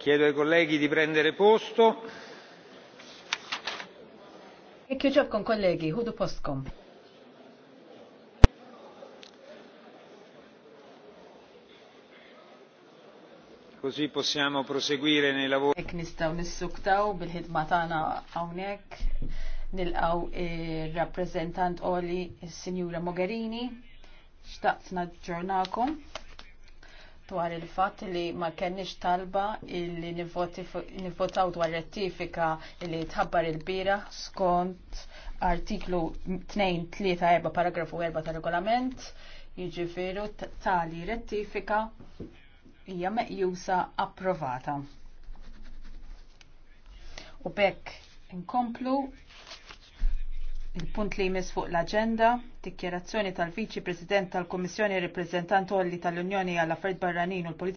Chiedo ai colleghi di prendere posto. Ekki ġobkom kollegi, hudu postkom. Così possiamo proseguire nei lavori. Ek nistaw nissuktaw bil-ħidma tagħna hawnhekk nilqgħu ir-rappreżentant Oli, is-Sinjura Mogherini. Xtaqt naġġornakom dwar il-fatt li ma kenniex talba li nivotaw dwar rettifika li tħabbar il-bira skont artiklu 2-3-4 paragrafu 4 ta' regolament jiġifiru tali rettifika hija meqjusa approvata. U bekk inkomplu Il-punt li jmiss fuq l-agenda, dikjerazzjoni tal-Viċi President tal-Kommissjoni Reprezentant Olli tal-Unjoni għall-Affarijiet Barranin u l-Politika